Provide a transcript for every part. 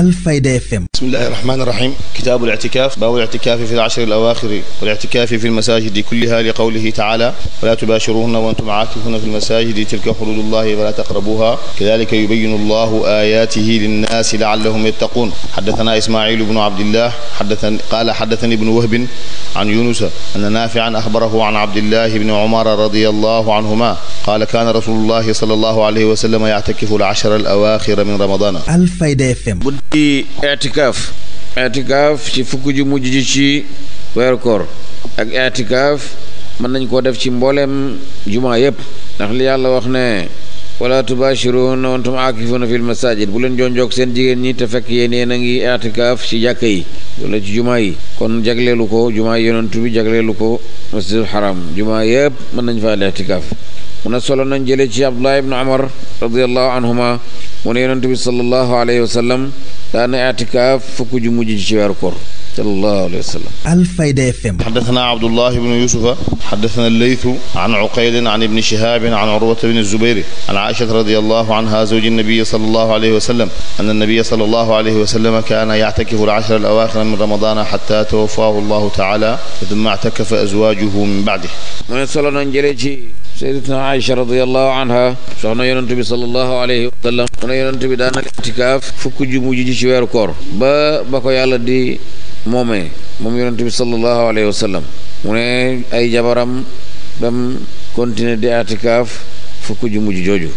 الفايدة اف ام بسم الله الرحمن الرحيم كتاب الاعتكاف باب الاعتكاف في العشر الاواخر والاعتكاف في المساجد كلها لقوله تعالى ولا تباشروهن وانتم عاكفون في المساجد تلك حدود الله فلا تقربوها كذلك يبين الله اياته للناس لعلهم يتقون حدثنا اسماعيل بن عبد الله حدثني قال حدثني ابن وهب عن يونس ان نافعا اخبره عن عبد الله بن عمر رضي الله عنهما قال كان رسول الله صلى الله عليه وسلم يعتكف العشر الاواخر من رمضان الفايدة اف ام ci itikaaf itikaaf ci fukk ju mujj ji ci weeru koor ak itikaaf mën nañ koo def ci mbooleem jumaa yépp ndax li yàlla wax ne wala tubashiruhunna wa antum aakifuna fil masajid bu leen jonjoog seen jigéen ñi te fekk yéen yéen a ngi itikaaf ci jàkka yi wala ci jumaa yi kon jagleelu ko jumaa yonent bi jagleelu ko masjidul haram jumaa yépp mën nañ faa itikaaf mu ne solo nañ jëlee ci abdullah ibnu amar radiallahu anhuma mu ne yonent bi sallallahu alayhi wa sallam كان اعتكاف فك موجي جي كور صلى الله عليه وسلم ألف الفايدة فم حدثنا عبد الله بن يوسف حدثنا الليث عن عقيل عن ابن شهاب عن عروة بن الزبير عن عائشة رضي الله عنها زوج النبي صلى الله عليه وسلم أن النبي صلى الله عليه وسلم كان يعتكف العشر الأواخر من رمضان حتى توفاه الله تعالى ثم اعتكف أزواجه من بعده من الله عليه وسلم سيدتنا عائشة رضي الله عنها سوحنا ينتبي صلى الله عليه وسلم سوحنا ينتبي دانا الاتكاف فكو جمو جي جي شوير كور با باكو يالا دي مومي موم ينتبي صلى الله عليه وسلم موني اي جبرم دم كنتين دي اتكاف فكو جمو جي جوجو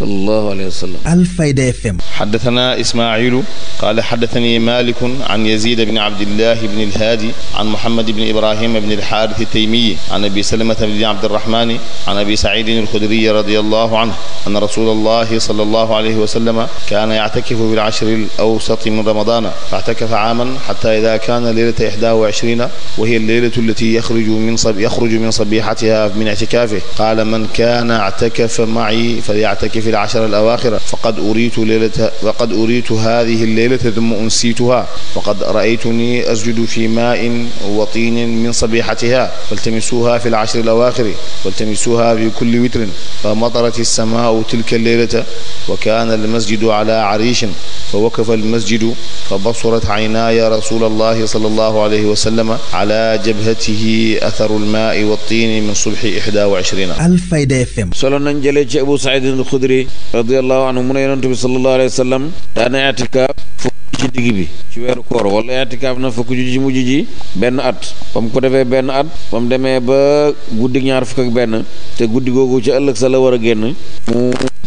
صلى الله عليه وسلم الفايدة اف حدثنا اسماعيل قال حدثني مالك عن يزيد بن عبد الله بن الهادي عن محمد بن ابراهيم بن الحارث التيمي عن ابي سلمة بن عبد الرحمن عن ابي سعيد الخدري رضي الله عنه ان رسول الله صلى الله عليه وسلم كان يعتكف في العشر الاوسط من رمضان فاعتكف عاما حتى اذا كان ليلة 21 وهي الليلة التي يخرج من صب يخرج من صبيحتها من اعتكافه قال من كان اعتكف معي فليعتكف في العشر الأواخر فقد أريت ليلة وقد أريت هذه الليلة ثم أنسيتها وقد رأيتني أسجد في ماء وطين من صبيحتها فالتمسوها في العشر الأواخر والتمسوها في كل وتر فمطرت السماء تلك الليلة وكان المسجد على عريش فوقف المسجد فبصرت عيناي رسول الله صلى الله عليه وسلم على جبهته أثر الماء والطين من صبح إحدى وعشرين الفايدة اف ام سولو نان ابو سعيد الخدري Zubayri radiyallahu anhu mu ne bi sallallahu alayhi wasallam sallam daana etika fukk ci digi bi ci wéru koor wala itikaaf na fukk ji ci mujj ji ben at bam mu ko defé ben at bam démé ba guddi ñaar fukk ak ben te guddi googu ci ëlëk sa la wara mu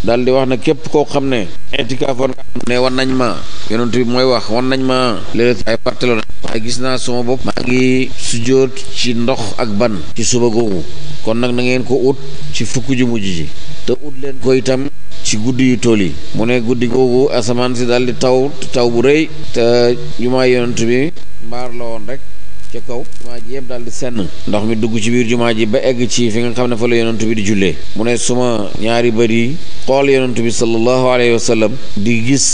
daal di wax na képp ko xamné ne won né won nañ ma yonent bi moy wax won nañ ma léeg ay partelo ay gis na sama bop ma ngi sujjóot ci ndox ak ban ci suba kon nak na ngeen ko ut ci fukku ju mujj te ut leen ko itam ci guddi yu tool yi mu ne guddi googu asamaan si daal di taw taw bu rëy te jumaa yonent bi mbaar la woon rek ca kaw jumaa ji yëpp daal di senn ndox mi dugg ci biir jumaa ji ba egg ci fi nga xam ne fa la yonent bi di jullee mu ne suma ñaari bët yi xool yonent bi sallallahu alayhi wa sallam di gis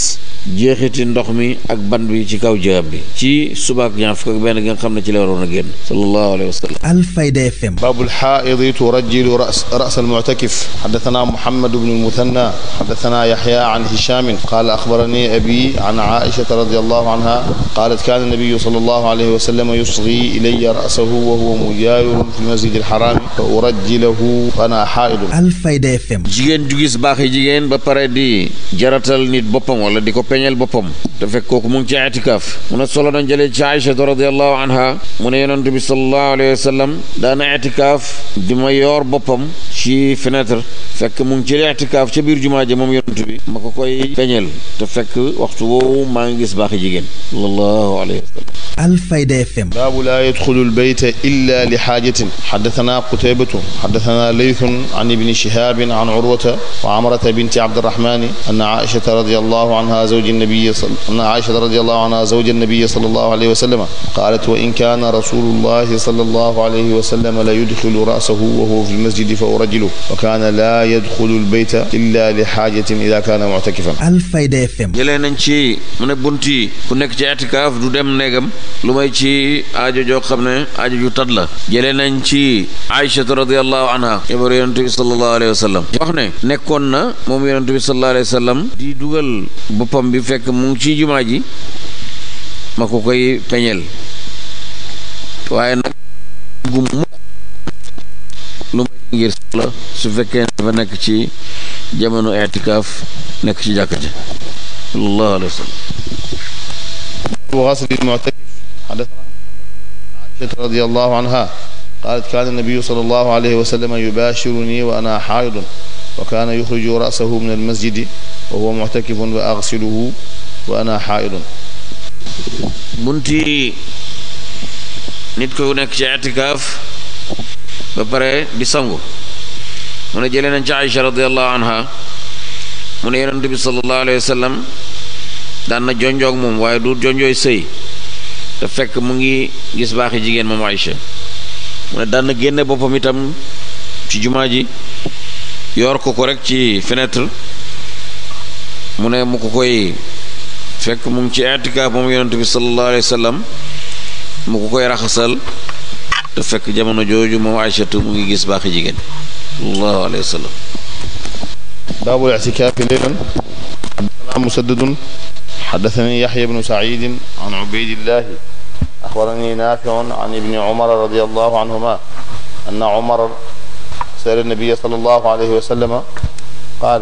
jeexiti ndox mi ak ban bi ci kaw jaam bi ci subaak ñaan fukk ak benn gi nga xam ne ci la waroon a génn sallallahu alayhi wa sallam alfayda fm babul xaaidi turajjilu ras almuctakif xadathana muhammad bnu almuthanna xadathana yaxya an hishamin qaala axbarani abi an aisha radi anha qalat kana nabiyu sal allahu alayhi wa sallam yusgi ilaya rasahu wa huwa mujaayirun fi lmasjid alxaraami fa urajjilahu fa ana xaaidun alfayda fm jigéen ju gis baaxi jigéen ba pare di jaratal nit boppam wala di ko peñal bopam da fek koku mu ci itikaaf mu ne solo don jele ci aisha radhiyallahu anha mu ne yonent bi sallallahu alayhi wasallam da na itikaaf di ma yoor boppam ci fenêtre fek mu ci itikaaf ci bir juma ja mom yenen bi mako koy peñal da fek waxtu wo ma ngi gis bax jigen sallallahu alayhi wasallam الفايدة Alfayda باب لا يدخل البيت إلا لحاجة حدثنا قتيبة حدثنا ليث عن ابن شهاب عن عروة وعمرة بنت عبد الرحمن أن عائشة رضي الله عنها زوج زوج النبي صلى أن عائشة رضي الله عنها زوج النبي صلى الله عليه وسلم قالت وإن كان رسول الله صلى الله عليه وسلم لا يدخل رأسه وهو في المسجد فأرجله وكان لا يدخل البيت إلا لحاجة إذا كان معتكفا الفايدة FM يلا ننشي من بنتي كنك bunti ku nekk نجم lu may ci aajo joo xam ne aajo ju tat la jëlee nañ ci aïchatu radiallahu anha jabaru yonentu bi sallallahu alayhi wa sallam wax nekkoon na moom yonentu bi sallallahu di dugal boppam bi fekk mu ci jumaa ji ma ko koy peñel waaye nag gu mu lu may ngir soxla su fekkee ne dafa nekk ci jamono itikaaf nekk ci jàkka ji sallallahu alayhi wa sallam حدثت رضي الله عنها قالت كان النبي صلى الله عليه وسلم يباشرني وأنا حائض وكان يخرج رأسه من المسجد وهو معتكف وأغسله وأنا حائض منتي نيت كو نك سي اعتكاف با بري دي سانغو من جيلنا عائشة رضي الله عنها من النبي صلى الله عليه وسلم دانا جونجوك موم واي دو جونجوي سي te fekk mu ngi gis baax jigéen moom Aïcha mu ne dan génne boppam itam ci jumaa ji yor ko ko rek ci fenêtre mu ne mu ko koy fekk mu ngi ci itikaaf moom yonent bi sallallahu alayhi wa mu ko koy raxasal te fekk jamono jooju moom Aïchatu mu ngi gis baax jigéen sallallahu alayhi wa sallam baabul itikaafi leylan حدثنا مسدد حدثني يحيى بن سعيد أخبرني نافع عن ابن عمر رضي الله عنهما أن عمر سأل النبي صلى الله عليه وسلم قال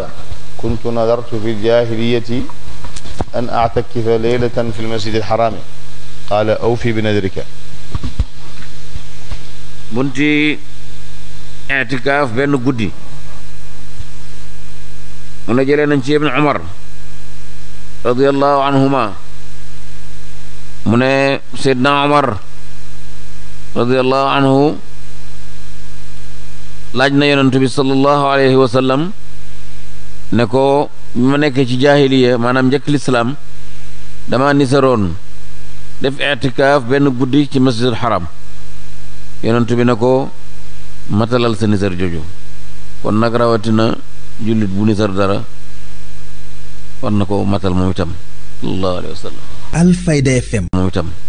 كنت نذرت في الجاهلية أن أعتكف ليلة في المسجد الحرام قال أوفي بنذرك bunti اعتكاف بين قدي mu ne ابن عمر رضي الله عنهما mu ne seydna omar radiallahu anhu laaj na yonent bi sallallahu alayhi wa ne ko mu nekke nekkee ci jaahiliya maanaam njëkk lislaam dama nisaroon def itikaaf benn guddi ci masjidul xaram yonent bi ne ko matalal sa nisar joju kon nag rawatina jullit bu nisar dara war na ko matal moom itam sallallahu alayhi wa Alfayda FM. moom itam.